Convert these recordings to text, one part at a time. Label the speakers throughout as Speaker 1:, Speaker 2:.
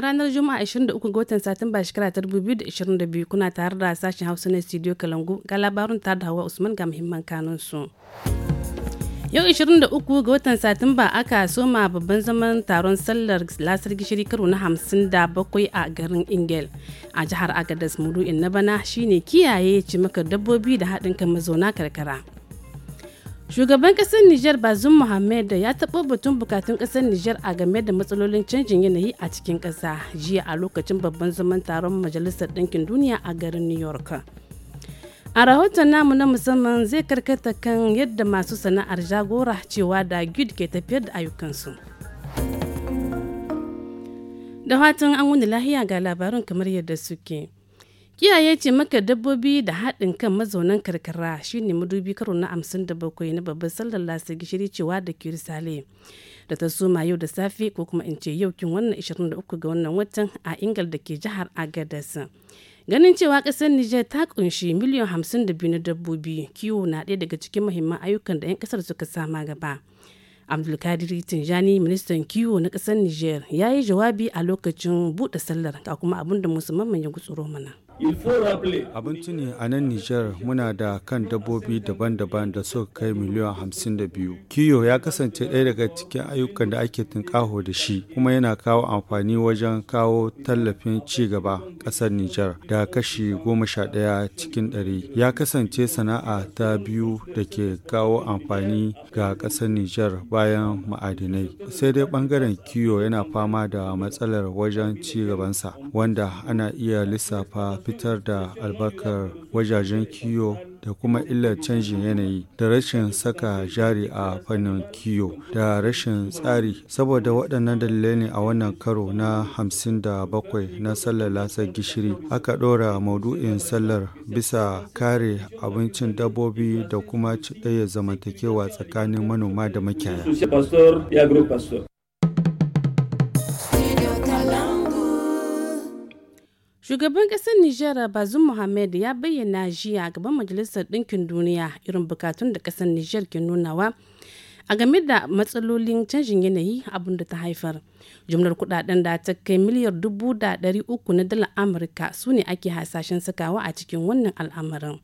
Speaker 1: ranar Juma'a 23 ga watan Satumba shekara ta 2022 kuna tare da sashen Hausa na Studio Kalangu ga labarin tare da Hawa Usman ga muhimman kanun su. Yau 23 ga watan Satumba aka soma babban zaman taron sallar lasar gishiri karo na 57 a garin Ingel a jihar Agadas Muru'in na bana shine kiyaye cimakar dabbobi da haɗin kan mazauna karkara. Shugaban ƙasar Nijar Bazum Mohammed ya taɓa batun bukatun ƙasar Nijar a game da matsalolin canjin yanayi a cikin ƙasa jiya a lokacin babban zaman taron Majalisar Ɗinkin Duniya a garin New York. A rahoton namu na musamman zai karkata kan yadda masu sana'ar jagora cewa da gid ke tafiyar da ayyukansu. Da fatan an wuni lahiya ga labarin kamar yadda suke. kiyaye ce maka dabbobi da haɗin kan mazaunan karkara shine madubi karo na hamsin da bakwai na babban sallar lasa gishiri cewa da kirisale da ta soma yau da safe ko kuma in ce yau kin wannan 23 ga wannan watan a ingal da ke jihar agadas ganin cewa ƙasar niger ta kunshi miliyan 52 na dabbobi kiwo na ɗaya daga cikin muhimman ayyukan da 'yan ƙasar suka sama gaba abdulkadir tinjani ministan kiwo na ƙasar niger ya yi jawabi a lokacin buɗe sallar ga kuma abin da musamman ya gutsuro mana
Speaker 2: Abin tuni a nan Nijar muna da kan dabbobi daban-daban da suka kai miliyan hamsin da biyu. Kiyo ya kasance ɗaya daga cikin ayyukan da ake tunƙaho da shi kuma yana kawo amfani wajen kawo tallafin ci gaba ƙasar Nijar da kashi goma sha ɗaya cikin ɗari. Ya kasance sana'a ta biyu da ke kawo amfani ga ƙasar Nijar bayan ma'adinai. Sai dai ɓangaren kiyo yana fama da matsalar wajen ci gabansa wanda ana iya lissafa fitar da albarkar wajajen kiyo da kuma illar canjin yanayi da rashin saka jari a fannin kiyo da rashin tsari saboda waɗannan dalilai ne a wannan karo na 57 na sallar lasar gishiri aka ɗora maudu'in sallar bisa kare abincin dabbobi da kuma ciɗaya zamantakewa tsakanin manoma da makiyaya
Speaker 1: Shugaban ƙasar Nijar bazum Mohamed ya bayyana jiya gaban Majalisar Ɗinkin Duniya irin bukatun da ƙasar Nijar ke nunawa a game da matsalolin canjin yanayi abin da ta haifar. Jumlar kudaden da ta kai miliyar dubu da ɗari uku na dalar Amurka su ne ake hasashen sakawa a cikin wannan al'amarin.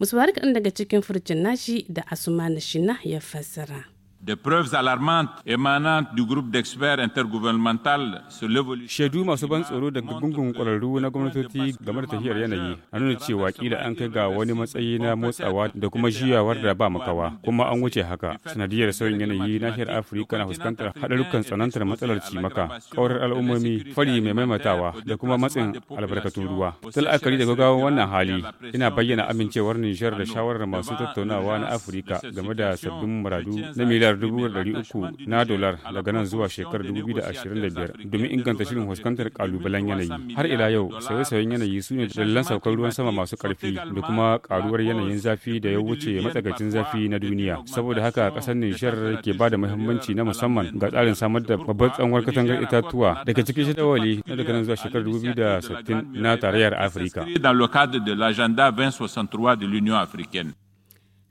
Speaker 1: Musu kaɗan daga cikin furcin nashi da Asuma na Shina ya fassara.
Speaker 3: Des preuves alarmantes émanantes du groupe d'experts intergouvernemental sur l'évolution. Shaidu masu ban tsoro daga gungun kwararru na gwamnatoci game da tafiyar yanayi a nuna cewa kila an kai ga wani matsayi na motsawa da kuma juyawar da ba makawa kuma an wuce haka sanadiyar sauyin yanayi nahiyar Afirka na fuskantar haɗarukan tsanantar matsalar cimaka, kaurar al'ummomi, fari mai maimaitawa da kuma matsin albarkatun ruwa. Ta la'akari da gaggawa wannan hali ina bayyana amincewar Nijar da shawarar masu tattaunawa na Afirka game da sabbin muradu na miliyar miliyar uku na dolar daga nan zuwa shekarar biyar domin inganta shirin fuskantar kalubalen yanayi. Har ila yau, sauye-sauyen yanayi su ne dalilan saukar ruwan sama masu karfi da kuma karuwar yanayin zafi da ya wuce matsakaicin zafi na duniya. Saboda haka kasar Nishar ke ba da muhimmanci na musamman ga tsarin samar da babbar tsanwar katangar itatuwa daga cikin shadawali na daga nan zuwa shekarar 2060 na tarayyar Afirka. 2063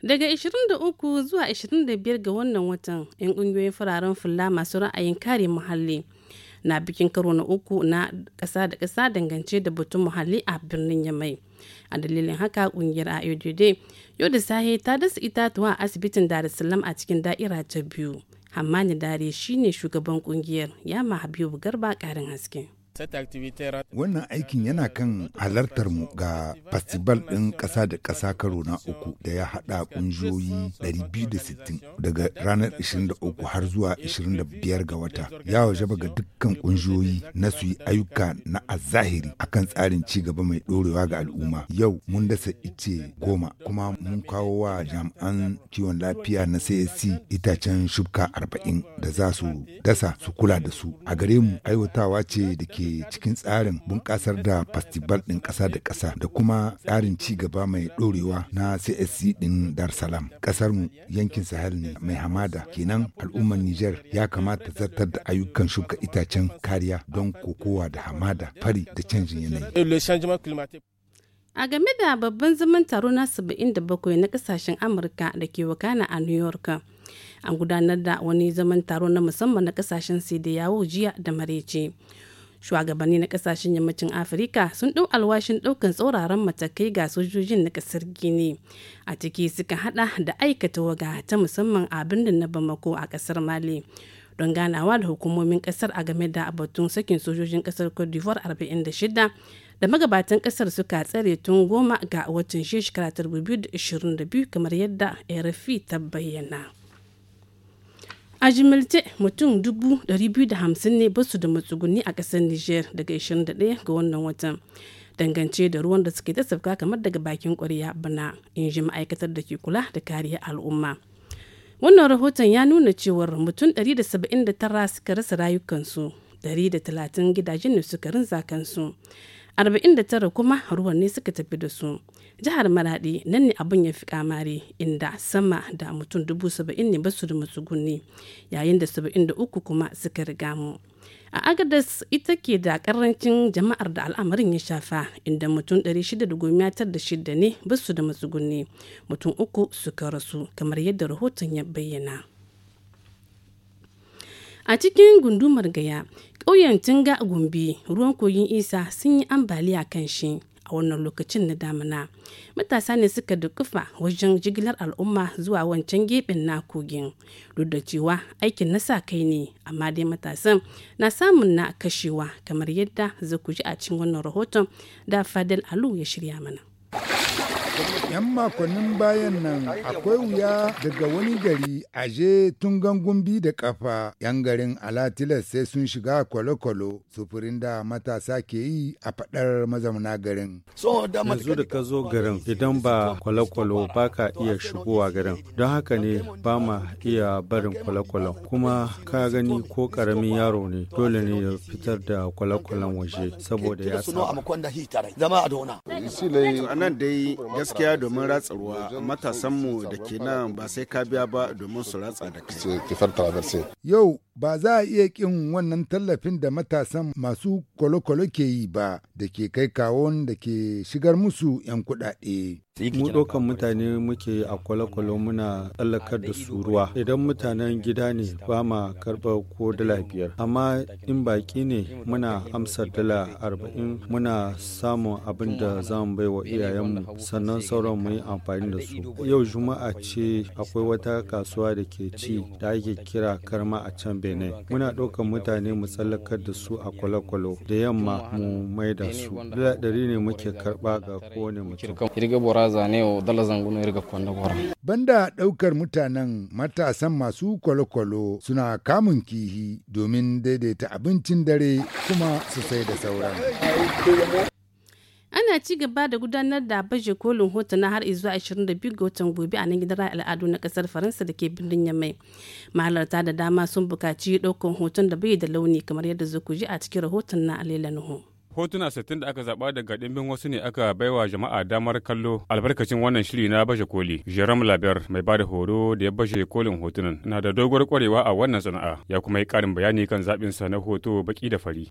Speaker 1: Daga 23 zuwa 25 ga wannan watan, 'yan ƙungiyoyin fararen fulla masu ra'ayin kare muhalli na bikin karo na uku na ƙasa da ƙasa dangance da batun muhalli a birnin Yamai. A dalilin haka ƙungiyar IODD yau da ta dasa itatuwa a asibitin Dar es Salaam a cikin da'ira ta biyu. Hammani Dare shine shugaban ƙungiyar, Yama Habibu Garba ƙarin haske.
Speaker 4: Wannan aikin yana kan halartar mu ga festival ɗin ƙasa da kasa karo na uku da ya haɗa ƙungiyoyi 260 daga ranar 23 har zuwa 25 ga wata. Ya wajaba ga dukkan ƙungiyoyi na su yi ayyuka na azahiri kan tsarin ci gaba mai ɗorewa ga al'umma. Yau mun dasa ice goma kuma mun kawo wa jami'an kiwon lafiya na CSC itacen shubka 40 da za su dasa su kula da su. A gare mu aiwatawa ce da ke cikin tsarin bunƙasar da festival ɗin ƙasa da ƙasa da kuma tsarin ci gaba mai ɗorewa na CSC ɗin Dar Salam. Ƙasar mu yankin Sahel ne mai hamada kenan al'ummar Niger ya kamata zartar da ayyukan shuka itacen kariya don kokowa da hamada fari da canjin yanayi.
Speaker 1: A game da babban zaman taro na 77 na kasashen Amurka da ke wakana a New York, an gudanar da wani zaman taro na musamman na kasashen sai da yawo jiya da marece. shugabanni na kasashen yammacin afirka sun ɗau alwashin ɗaukan tsauraran matakai ga sojojin na ƙasar gini a ciki suka hada da aikata waga ta musamman a birnin na bamako a ƙasar mali don ganawa da hukumomin ƙasar a game da batun sakin sojojin ƙasar cote d'ivoire 46 da magabatan ƙasar suka tsare tun goma ga watan shekara 2022 kamar yadda rfi ta bayyana. a jimilce mutum 250 ne basu da matsuguni a ƙasar niger daga 21 ga wannan watan dangance da ruwan da suke ta sauka kamar daga bakin ƙwarya bana in ji ma'aikatar da ke kula da kariya al'umma wannan rahoton ya nuna cewar mutum 179 suka rasa rayukansu 130 gidajen ne suka rinza kansu 49 kuma ruwan ne suka tafi da su jihar maradi nan ne abin ya fi kamare inda sama da mutum dubu saba'in ne basu da matsuguni yayin da saba'in da uku kuma suka riga mu a agadas ita ke da karancin jama'ar da al'amarin ya shafa inda mutum 696 ne basu da matsuguni mutum uku suka rasu kamar yadda rahoton ya bayyana a cikin gundumar gaya ƙauyen tunga gumbi ruwan kogin isa sun yi ambaliya kan shi a wannan lokacin na damina matasa ne suka dukufa wajen jigilar al'umma zuwa wancan gefen na kogin duk da cewa aikin na sa kai ne amma dai matasan na samun na kashewa kamar yadda za ji a cikin wannan rahoton da fadel alu ya shirya mana 'Yan makonnin
Speaker 4: bayan nan akwai wuya daga wani gari aje tun gangunbi da kafa 'yan garin Alatilas sai sun shiga kwalokwalo sufurin da matasa ke yi a fadar mazauna garin.
Speaker 2: Yanzu da ka zo garin idan ba kwalokwalo ba ka iya shigowa garin don haka ne ba ma iya barin kwalokwalo kuma ka gani ko karamin yaro ne dole ne ya fitar da kwalokwalon waje saboda
Speaker 5: ya gaskiya domin ratsa ruwa matasanmu da ke nan ba sai ka biya ba domin su ratsa da
Speaker 1: kai.
Speaker 4: Yau ba za a iya kin wannan tallafin da matasan masu kwalokwalo ke yi ba da ke kai kawon da ke shigar musu 'yan kuɗaɗe.
Speaker 2: mu ɗaukan mutane muke a kwale muna tsallakar da su ruwa idan mutanen gida ne ba ma karɓar ko dala biyar amma in baki ne muna amsa dala arba'in muna samun abin da za mu bai wa iyayenmu sannan sauran mu yi amfani da su yau juma'a ce akwai wata kasuwa da ke ci da ake kira karma a can bene. muna ɗaukan mutane mu tsallakar da su a kwale da yamma mu mai da su dala ɗari ne muke karɓa ga kowane mutum zane o dala
Speaker 3: irga kwanda gora
Speaker 4: banda daukar mutanen matasan masu kwalo kwalo suna kamun kihi domin daidaita abincin dare kuma su sai da sauran
Speaker 1: ana ci gaba da gudanar da baje kolin hotuna har izuwa 22 ga watan gobe a nan gidan al'adu na kasar faransa da ke birnin yamai mahalarta da dama sun bukaci ɗaukan hoton da bai da launi kamar yadda zuku ji a cikin rahoton na alela nuhu hotuna
Speaker 3: 60 da aka zaba daga dimbin wasu ne aka baiwa jama'a damar kallo albarkacin wannan shiri na bashe koli jerome laber mai bada horo da ya bashe kolin hotunan na da doguwar kwarewa a wannan sana'a ya kuma yi karin bayani kan zaɓin sa na hoto baki da fari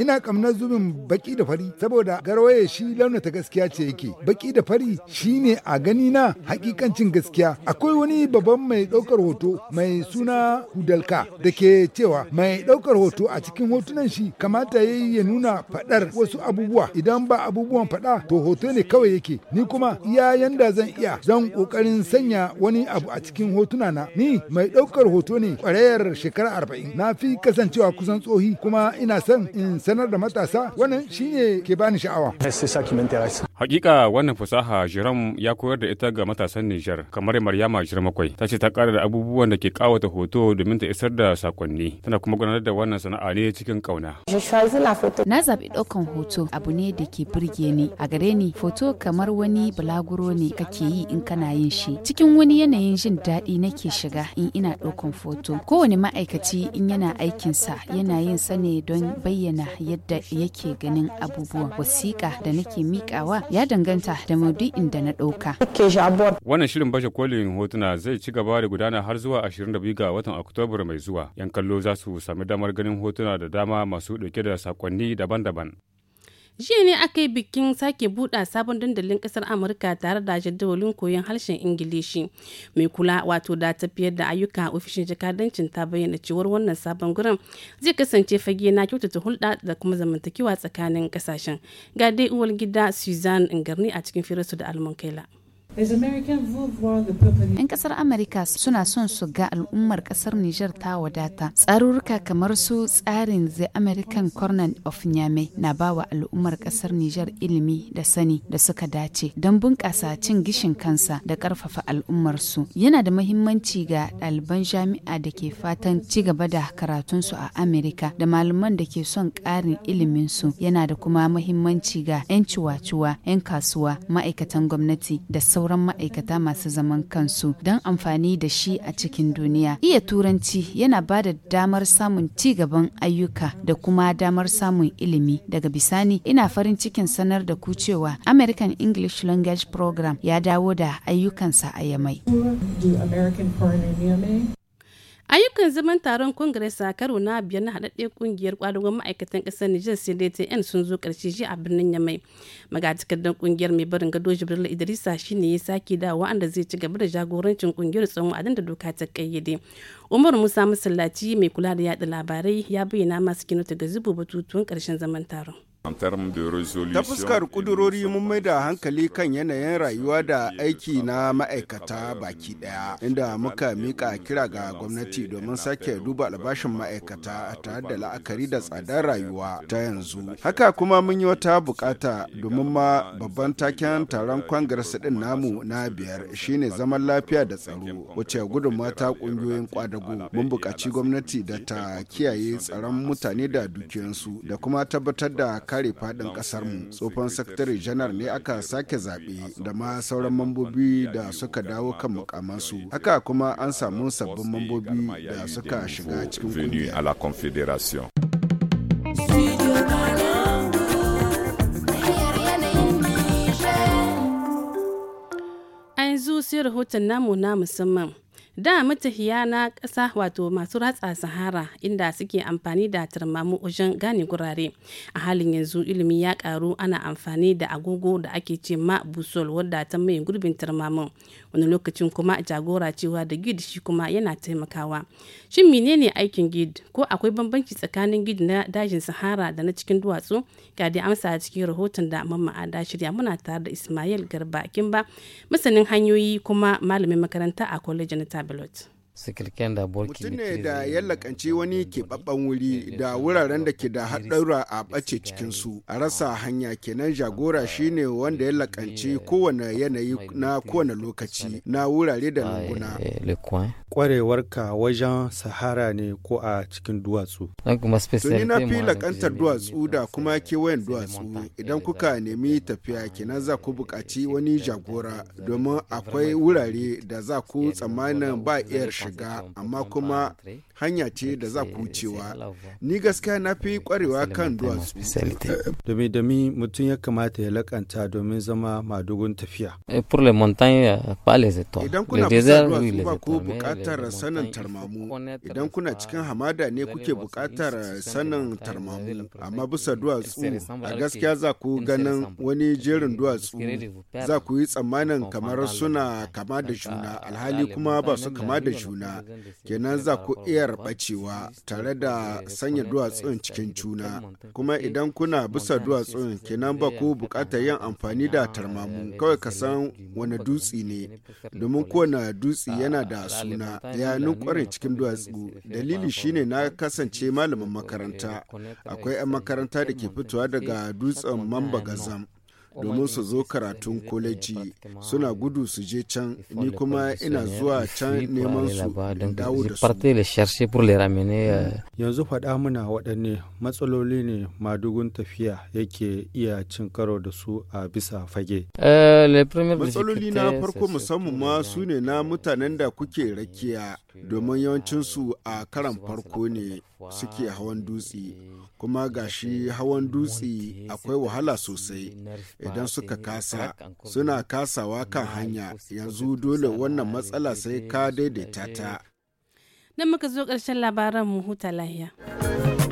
Speaker 4: ina kamnar zubin baki da fari saboda garwaye shi ta gaskiya ce yake baki da fari shine a gani na hakikancin gaskiya akwai wani babban mai ɗaukar hoto mai suna hudalka da ke cewa mai ɗaukar hoto a cikin hotunan shi kamata ya yi ya nuna nuna faɗar wasu abubuwa idan ba abubuwan faɗa to hoto ne kawai yake ni kuma iya yanda zan iya zan ƙoƙarin sanya wani abu a cikin hotuna na ni mai ɗaukar hoto ne ƙwarayar shekara arba'in na fi kasancewa kusan tsohi kuma ina son in sanar da matasa wannan shine ke bani sha'awa.
Speaker 3: Hakika wannan fasaha Jerome ya koyar da ita ga matasan Nijar kamar Maryama makwai. ta ce ta ƙara da abubuwan da ke ƙawata hoto domin ta isar da sakonni tana kuma gudanar da wannan sana'a ne cikin ƙauna.
Speaker 6: na zaɓi ɗaukan hoto abu ne da ke burge ni a gare ni foto kamar wani bulaguro ne kake yi in kana yin shi cikin wani yanayin jin daɗi nake shiga in ina ɗaukan foto kowane ma'aikaci in yana aikin sa yana yin sa ne don bayyana yadda yake ganin abubuwan wasiƙa da nake miƙawa ya danganta da maudu'in da na ɗauka.
Speaker 3: Wannan shirin bashe kolin hotuna zai ci gaba da gudana har zuwa 22 ga watan Oktoba mai zuwa. 'Yan kallo za su sami damar ganin hotuna da dama masu ɗauke da sakonni daban-daban.
Speaker 1: jiya ne aka yi bikin sake buɗa sabon dandalin ƙasar amurka tare da jadawalin koyon harshen ingilishi mai kula wato da tafiyar da ayyuka ofishin jakadancin ta bayyana cewar wannan sabon gurin zai kasance fage na kyautata hulɗa da kuma zamantakewa tsakanin ƙasashen ga dai uwar gida suzanne ingarni a cikin firarsu da almankaila
Speaker 6: 'Yan ƙasar Amerika suna son su ga al'ummar ƙasar Nijar ta wadata. Tsarurruka kamar su tsarin The American Corner of Nyame na ba wa al'ummar ƙasar Nijar ilimi da sani da suka dace don bunƙasa cin gishin kansa da ƙarfafa al'ummarsu. Yana da mahimmanci ga ɗaliban jami'a da ke fatan ci gaba da karatunsu a Amerika da malaman da ke son ƙarin iliminsu. Yana da kuma mahimmanci ga 'yan ciwa-ciwa, 'yan kasuwa, ma'aikatan gwamnati da sauran ma'aikata masu zaman kansu don amfani da shi a cikin duniya. Iya turanci yana ba da damar samun ci gaban ayyuka da kuma damar samun ilimi. Daga bisani ina farin cikin sanar da ku cewa American English Language Program ya dawo da ayyukansa a Yamai. ayyukan
Speaker 1: zaman taron congress a karo na biyar na haɗaɗɗe ƙungiyar ƙwadagon ma'aikatan ƙasar niger yan sun zo ƙarshe shi a birnin yamai magatakardar ƙungiyar mai barin gado jibril idrisa shine ya sake da wa'anda zai ci gaba da jagorancin ƙungiyar tsawon adan da doka ta kayyade umar musa masallaci mai kula da yaɗa labarai ya bayyana masu kinota ga zubo batutuwan ƙarshen zaman taron Ta
Speaker 5: fuskar kudurori mun mai da hankali kan yanayin rayuwa da aiki na ma'aikata baki daya, inda muka mika kira ga gwamnati domin sake duba albashin ma'aikata tare da la'akari da tsadar rayuwa ta yanzu. Haka kuma mun yi wata bukata domin ma babban taken taron kwangiras din namu na biyar shine zaman lafiya da tsaro wacce gudunmawa ta kungiyoyin kwadago mun bukaci gwamnati da ta kiyaye tsaron mutane da dukiyansu da kuma tabbatar da kare faɗin mu tsofan sakatare janar ne aka sake zaɓe da ma sauran mambobi da suka dawo kan mukamansu haka kuma an samu sabbin mambobi da suka
Speaker 3: shiga cikin ƙungiya.
Speaker 1: yanzu sai rahoton namu na musamman da matahiya na ƙasa wato masu ratsa sahara inda suke amfani da turmamu wajen gane gurare a halin yanzu ilimi ya karu ana amfani da agogo da ake ce ma busol wadda ta mai gurbin turmamun wani lokacin kuma jagora cewa da gid shi kuma yana taimakawa shin menene aikin gid ko akwai bambanci tsakanin gid na dajin sahara da na cikin duwatsu ga dai amsa cikin rahoton da mamma ada shirya muna tare da ismail garba kimba masanin hanyoyi kuma malamin makaranta a kwalejin ta Leute.
Speaker 2: sikilken da burki mutum ne da
Speaker 5: ya lakanci wani keɓaɓɓen wuri da wuraren da ke da haɗura a ɓace cikin su a rasa hanya kenan jagora shine wanda ya lakanci kowane yanayi na kowane lokaci na wurare da lunguna
Speaker 2: kwarewarka wajen sahara ne ko a cikin duwatsu tuni na fi lakantar
Speaker 5: duwatsu da kuma kewayen duwatsu idan kuka nemi tafiya kenan za ku buƙaci wani jagora domin akwai wurare da za ku tsammanin ba iya shiga amma kuma hanya ce da za ku cewa ni gaskiya na fi kwarewa kan duwatsu
Speaker 2: eh, eh, domin mutum ya kamata ya lakanta domin zama madugun tafiya eh,
Speaker 3: euh, idan
Speaker 2: kuna kusa
Speaker 5: ku bukatar sanin tarmamu idan kuna cikin hamada ne kuke bukatar sanin tarmamu amma bisa duwatsu a gaskiya za ku ganin wani jerin duwatsu za ku yi tsammanin kamar suna kama da juna ah, alhali kuma ba su kama da juna kenan za ku iya hanyar bacewa tare da sanya duwatsun cikin juna kuma idan kuna bisa duwatsun kenan ba ku bukatar yin amfani da tarmamu kawai ka san wani dutse ne domin kowane dutsi yana da suna ya nukware cikin duwatsu dalili shine na kasance malamin makaranta akwai 'yan makaranta da ke fitowa daga dutsen mamba gazam domin su zo karatun koleji suna gudu su je can ni kuma ina zuwa can neman su dawo da su
Speaker 2: yanzu faɗa muna waɗanne matsaloli ne madugun tafiya yake iya cin karo da su a bisa fage matsaloli na farko musamman
Speaker 5: ma su ne na mutanen da kuke rakiya domin yawancinsu a karan farko ne suke hawan dutse kuma gashi hawan dutse akwai wahala sosai idan suka kasa suna kasawa kan hanya yanzu dole wannan matsala sai ka daidaita ta.
Speaker 1: Nan muka zo ƙarshen labaran mu huta lahiya.